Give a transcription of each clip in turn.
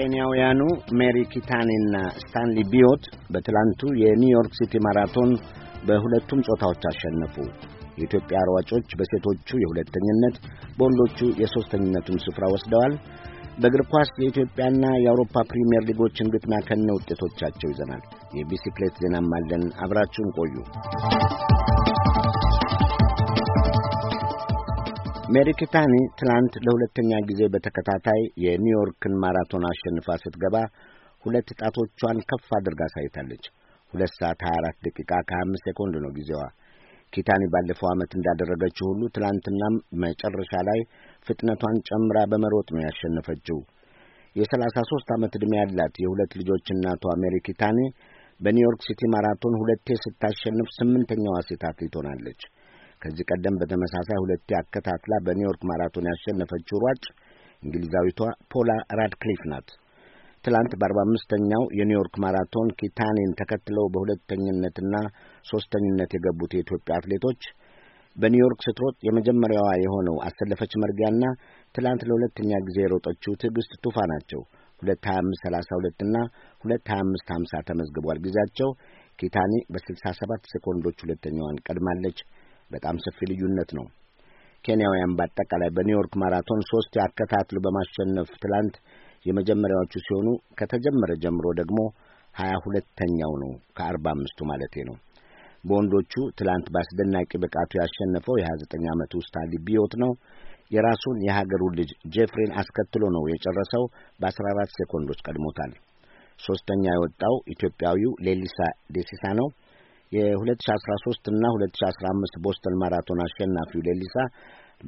ኬንያውያኑ ሜሪ ኪታኔና ስታንሊ ቢዮት በትላንቱ የኒውዮርክ ሲቲ ማራቶን በሁለቱም ጾታዎች አሸነፉ። የኢትዮጵያ ሯጮች በሴቶቹ የሁለተኝነት በወንዶቹ የሦስተኝነቱን ስፍራ ወስደዋል። በእግር ኳስ የኢትዮጵያና የአውሮፓ ፕሪምየር ሊጎችን ግጥሚያ ከነ ውጤቶቻቸው ይዘናል። የቢሲክሌት ዜናም አለን። አብራችሁን ቆዩ። ሜሪ ኪታኒ ትናንት ለሁለተኛ ጊዜ በተከታታይ የኒውዮርክን ማራቶን አሸንፋ ስትገባ ሁለት ጣቶቿን ከፍ አድርጋ አሳይታለች። ሁለት ሰዓት 24 ደቂቃ ከ5 ሴኮንድ ነው ጊዜዋ። ኪታኒ ባለፈው ዓመት እንዳደረገችው ሁሉ ትላንትናም መጨረሻ ላይ ፍጥነቷን ጨምራ በመሮጥ ነው ያሸነፈችው። የሰላሳ ሦስት ዓመት ዕድሜ ያላት የሁለት ልጆች እናቷ ሜሪ ኪታኒ በኒውዮርክ ሲቲ ማራቶን ሁለቴ ስታሸንፍ ስምንተኛዋ ሴት አትሌት ሆናለች። ከዚህ ቀደም በተመሳሳይ ሁለቴ አከታትላ በኒውዮርክ ማራቶን ያሸነፈችው ሯጭ እንግሊዛዊቷ ፖላ ራድክሊፍ ናት። ትላንት በአርባ አምስተኛው የኒውዮርክ ማራቶን ኪታኔን ተከትለው በሁለተኝነትና ሦስተኝነት የገቡት የኢትዮጵያ አትሌቶች በኒውዮርክ ስትሮጥ የመጀመሪያዋ የሆነው አሰለፈች መርጊያና ትላንት ለሁለተኛ ጊዜ የሮጠችው ትዕግስት ቱፋ ናቸው። ሁለት ሀያ አምስት ሰላሳ ሁለትና ሁለት ሀያ አምስት ሀምሳ ተመዝግቧል ጊዜያቸው። ኪታኒ በስልሳ ሰባት ሴኮንዶች ሁለተኛዋን ቀድማለች። በጣም ሰፊ ልዩነት ነው። ኬንያውያን በአጠቃላይ በኒውዮርክ ማራቶን ሶስት ያከታትል በማሸነፍ ትላንት የመጀመሪያዎቹ ሲሆኑ ከተጀመረ ጀምሮ ደግሞ ሀያ ሁለተኛው ነው ከአርባ አምስቱ ማለቴ ነው። በወንዶቹ ትላንት በአስደናቂ ብቃቱ ያሸነፈው የ ዘጠኝ ዓመቱ ስታንሊ ቢዮት ነው። የራሱን የሀገሩን ልጅ ጄፍሬን አስከትሎ ነው የጨረሰው። በ14 ሴኮንዶች ቀድሞታል። ሦስተኛ የወጣው ኢትዮጵያዊው ሌሊሳ ዴሲሳ ነው። የ2013 እና 2015 ቦስተን ማራቶን አሸናፊው ሌሊሳ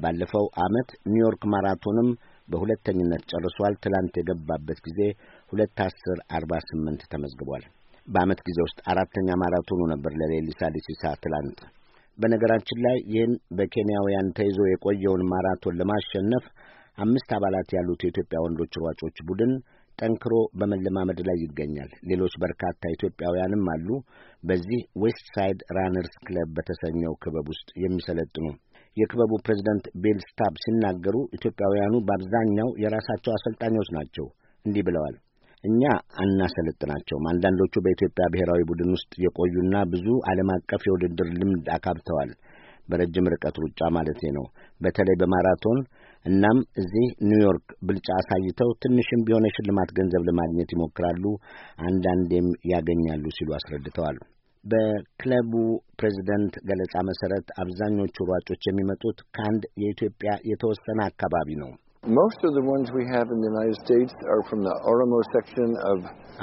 ባለፈው ዓመት ኒውዮርክ ማራቶንም በሁለተኝነት ጨርሷል። ትላንት የገባበት ጊዜ 2148 ተመዝግቧል። በዓመት ጊዜ ውስጥ አራተኛ ማራቶኑ ነበር ለሌሊሳ ሊሲሳ ትላንት። በነገራችን ላይ ይህን በኬንያውያን ተይዞ የቆየውን ማራቶን ለማሸነፍ አምስት አባላት ያሉት የኢትዮጵያ ወንዶች ሯጮች ቡድን ጠንክሮ በመለማመድ ላይ ይገኛል። ሌሎች በርካታ ኢትዮጵያውያንም አሉ በዚህ ዌስት ሳይድ ራነርስ ክለብ በተሰኘው ክበብ ውስጥ የሚሰለጥኑ። የክበቡ ፕሬዚደንት ቤል ስታብ ሲናገሩ ኢትዮጵያውያኑ በአብዛኛው የራሳቸው አሰልጣኞች ናቸው። እንዲህ ብለዋል። እኛ አናሰለጥናቸውም። አንዳንዶቹ በኢትዮጵያ ብሔራዊ ቡድን ውስጥ የቆዩና ብዙ ዓለም አቀፍ የውድድር ልምድ አካብተዋል። በረጅም ርቀት ሩጫ ማለቴ ነው። በተለይ በማራቶን እናም እዚህ ኒውዮርክ ብልጫ አሳይተው ትንሽም ቢሆን የሽልማት ገንዘብ ለማግኘት ይሞክራሉ፣ አንዳንዴም ያገኛሉ ሲሉ አስረድተዋል። በክለቡ ፕሬዚደንት ገለጻ መሰረት አብዛኞቹ ሯጮች የሚመጡት ከአንድ የኢትዮጵያ የተወሰነ አካባቢ ነው።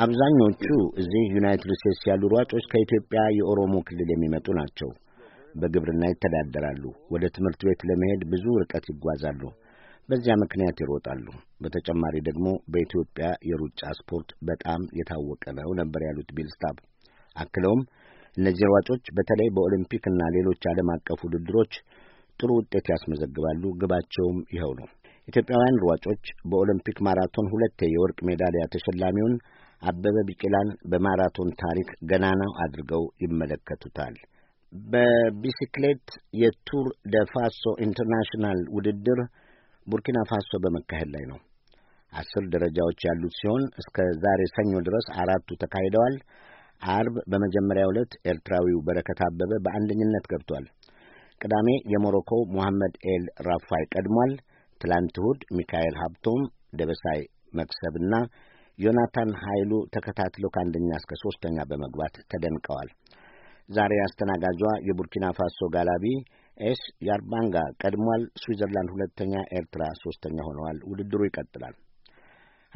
አብዛኞቹ እዚህ ዩናይትድ ስቴትስ ያሉ ሯጮች ከኢትዮጵያ የኦሮሞ ክልል የሚመጡ ናቸው። በግብርና ይተዳደራሉ። ወደ ትምህርት ቤት ለመሄድ ብዙ ርቀት ይጓዛሉ። በዚያ ምክንያት ይሮጣሉ። በተጨማሪ ደግሞ በኢትዮጵያ የሩጫ ስፖርት በጣም የታወቀ ነው ነበር ያሉት ቢልስታብ። አክለውም እነዚህ ሯጮች በተለይ በኦሊምፒክ እና ሌሎች ዓለም አቀፍ ውድድሮች ጥሩ ውጤት ያስመዘግባሉ። ግባቸውም ይኸው ነው። ኢትዮጵያውያን ሯጮች በኦሎምፒክ ማራቶን ሁለቴ የወርቅ ሜዳሊያ ተሸላሚውን አበበ ቢቂላን በማራቶን ታሪክ ገናናው አድርገው ይመለከቱታል። በቢሲክሌት የቱር ደ ፋሶ ኢንተርናሽናል ውድድር ቡርኪና ፋሶ በመካሄድ ላይ ነው። አስር ደረጃዎች ያሉት ሲሆን እስከ ዛሬ ሰኞ ድረስ አራቱ ተካሂደዋል። አርብ በመጀመሪያው ዕለት ኤርትራዊው በረከት አበበ በአንደኝነት ገብቷል። ቅዳሜ የሞሮኮው ሙሐመድ ኤል ራፋይ ቀድሟል። ትላንት እሁድ ሚካኤል ሀብቶም፣ ደበሳይ መክሰብና ዮናታን ኃይሉ ተከታትለው ከአንደኛ እስከ ሦስተኛ በመግባት ተደንቀዋል። ዛሬ አስተናጋጇ የቡርኪና ፋሶ ጋላቢ ኤስ ያርባንጋ ቀድሟል። ስዊዘርላንድ ሁለተኛ፣ ኤርትራ ሶስተኛ ሆነዋል። ውድድሩ ይቀጥላል።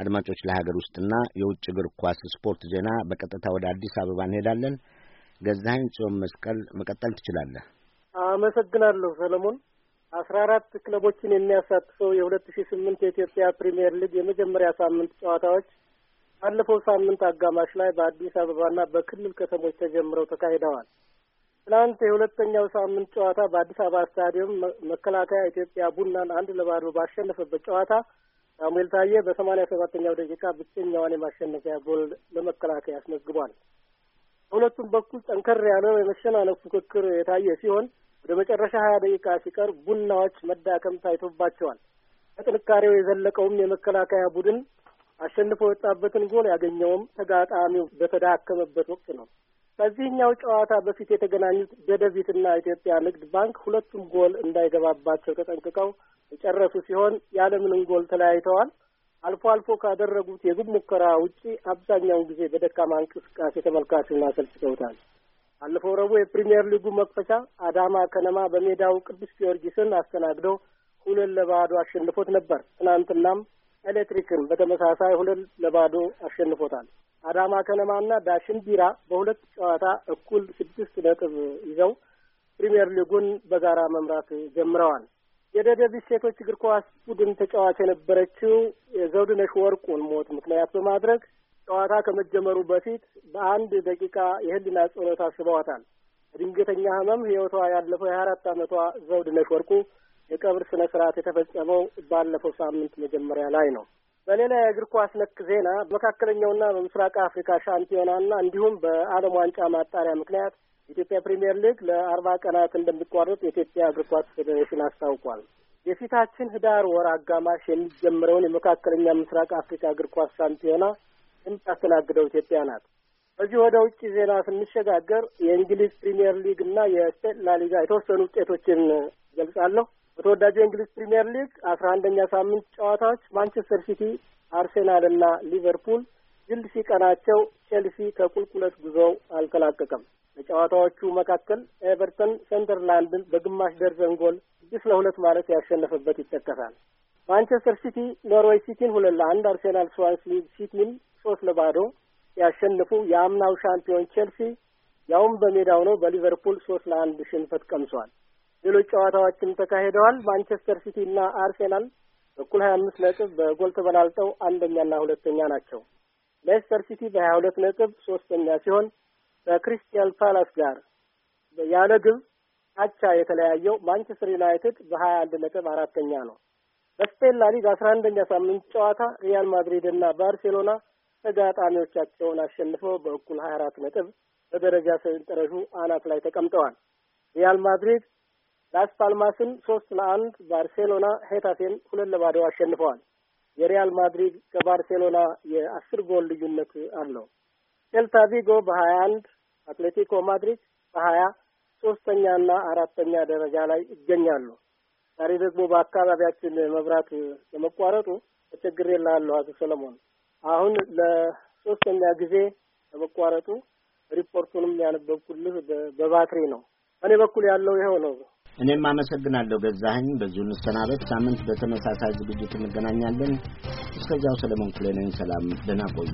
አድማጮች፣ ለሀገር ውስጥና የውጭ እግር ኳስ ስፖርት ዜና በቀጥታ ወደ አዲስ አበባ እንሄዳለን። ገዛኸኝ ጽዮን መስቀል መቀጠል ትችላለህ። አመሰግናለሁ ሰለሞን። አስራ አራት ክለቦችን የሚያሳትፈው የሁለት ሺ ስምንት የኢትዮጵያ ፕሪምየር ሊግ የመጀመሪያ ሳምንት ጨዋታዎች ባለፈው ሳምንት አጋማሽ ላይ በአዲስ አበባና በክልል ከተሞች ተጀምረው ተካሂደዋል። ትናንት የሁለተኛው ሳምንት ጨዋታ በአዲስ አበባ ስታዲየም መከላከያ ኢትዮጵያ ቡናን አንድ ለባዶ ባሸነፈበት ጨዋታ ሳሙኤል ታዬ በሰማኒያ ሰባተኛው ደቂቃ ብቸኛዋን የማሸነፊያ ጎል ለመከላከያ አስመዝግቧል። በሁለቱም በኩል ጠንከር ያለ የመሸናነፍ ፉክክር የታየ ሲሆን ወደ መጨረሻ ሀያ ደቂቃ ሲቀር ቡናዎች መዳከም ታይቶባቸዋል። ከጥንካሬው የዘለቀውም የመከላከያ ቡድን አሸንፎ የወጣበትን ጎል ያገኘውም ተጋጣሚው በተዳከመበት ወቅት ነው። በዚህኛው ጨዋታ በፊት የተገናኙት ደደቢትና ኢትዮጵያ ንግድ ባንክ ሁለቱም ጎል እንዳይገባባቸው ተጠንቅቀው የጨረሱ ሲሆን ያለምንም ጎል ተለያይተዋል። አልፎ አልፎ ካደረጉት የግብ ሙከራ ውጪ አብዛኛውን ጊዜ በደካማ እንቅስቃሴ ተመልካቹን አሰልችተውታል። አለፈው ረቡዕ የፕሪምየር ሊጉ መክፈቻ አዳማ ከነማ በሜዳው ቅዱስ ጊዮርጊስን አስተናግዶ ሁለት ለባዶ አሸንፎት ነበር። ትናንትናም ኤሌክትሪክን በተመሳሳይ ሁለት ለባዶ አሸንፎታል። አዳማ ከነማና ዳሽን ቢራ በሁለት ጨዋታ እኩል ስድስት ነጥብ ይዘው ፕሪምየር ሊጉን በጋራ መምራት ጀምረዋል። የደደቢት ሴቶች እግር ኳስ ቡድን ተጫዋች የነበረችው የዘውድነሽ ወርቁን ሞት ምክንያት በማድረግ ጨዋታ ከመጀመሩ በፊት በአንድ ደቂቃ የህልና ጸሎት አስበዋታል። ድንገተኛ ህመም ሕይወቷ ያለፈው የሀያ አራት ዓመቷ ዘውድነሽ ወርቁ የቀብር ስነ ስርዓት የተፈጸመው ባለፈው ሳምንት መጀመሪያ ላይ ነው። በሌላ የእግር ኳስ ነክ ዜና በመካከለኛውና በምስራቅ አፍሪካ ሻምፒዮናና እንዲሁም በዓለም ዋንጫ ማጣሪያ ምክንያት የኢትዮጵያ ፕሪምየር ሊግ ለአርባ ቀናት እንደሚቋረጥ የኢትዮጵያ እግር ኳስ ፌዴሬሽን አስታውቋል። የፊታችን ህዳር ወር አጋማሽ የሚጀምረውን የመካከለኛ ምስራቅ አፍሪካ እግር ኳስ ሻምፒዮና የምታስተናግደው ኢትዮጵያ ናት። በዚህ ወደ ውጭ ዜና ስንሸጋገር የእንግሊዝ ፕሪምየር ሊግ እና የስፔን ላሊጋ የተወሰኑ ውጤቶችን ገልጻለሁ። በተወዳጁ የእንግሊዝ ፕሪምየር ሊግ አስራ አንደኛ ሳምንት ጨዋታዎች ማንቸስተር ሲቲ፣ አርሴናል እና ሊቨርፑል ግል ሲቀናቸው ቼልሲ ከቁልቁለት ጉዞው አልተላቀቀም። በጨዋታዎቹ መካከል ኤቨርተን ሰንደርላንድን በግማሽ ደርዘን ጎል ስድስት ለሁለት ማለት ያሸነፈበት ይጠቀሳል። ማንቸስተር ሲቲ ኖርዌይ ሲቲን ሁለት ለአንድ፣ አርሴናል ሊግ ሲቲን ሶስት ለባዶ ያሸንፉ የአምናው ሻምፒዮን ቼልሲ ያውም በሜዳው ነው በሊቨርፑል ሶስት ለአንድ ሽንፈት ቀምሷል። ሌሎች ጨዋታዎችም ተካሂደዋል። ማንቸስተር ሲቲ እና አርሴናል እኩል ሀያ አምስት ነጥብ በጎል ተበላልጠው አንደኛና ሁለተኛ ናቸው። ሌስተር ሲቲ በሀያ ሁለት ነጥብ ሶስተኛ ሲሆን ከክሪስቲያል ፓላስ ጋር ያለ ግብ አቻ የተለያየው ማንቸስተር ዩናይትድ በሀያ አንድ ነጥብ አራተኛ ነው። በስፔን ላሊግ አስራ አንደኛ ሳምንት ጨዋታ ሪያል ማድሪድ እና ባርሴሎና ተጋጣሚዎቻቸውን አሸንፈው በእኩል ሀያ አራት ነጥብ በደረጃ ሰንጠረዡ አናት ላይ ተቀምጠዋል። ሪያል ማድሪድ ላስ ፓልማስን ሶስት ለአንድ ባርሴሎና ሄታፌን ሁለት ለባዶ አሸንፈዋል። የሪያል ማድሪድ ከባርሴሎና የአስር ጎል ልዩነት አለው። ሴልታ ቪጎ በሀያ አንድ አትሌቲኮ ማድሪድ በሀያ ሶስተኛና አራተኛ ደረጃ ላይ ይገኛሉ። ዛሬ ደግሞ በአካባቢያችን መብራት ለመቋረጡ ተቸግሬ ላለሁ አቶ ሰለሞን አሁን ለሶስተኛ ጊዜ ለመቋረጡ ሪፖርቱንም ያነበብኩልህ በባትሪ ነው። እኔ በኩል ያለው ይኸው ነው። እኔም አመሰግናለሁ ገዛኸኝ። በዚሁ እንሰናበት። ሳምንት በተመሳሳይ ዝግጅት እንገናኛለን። እስከዚያው ሰለሞን ክሌነኝ። ሰላም፣ ደህና ቆዩ።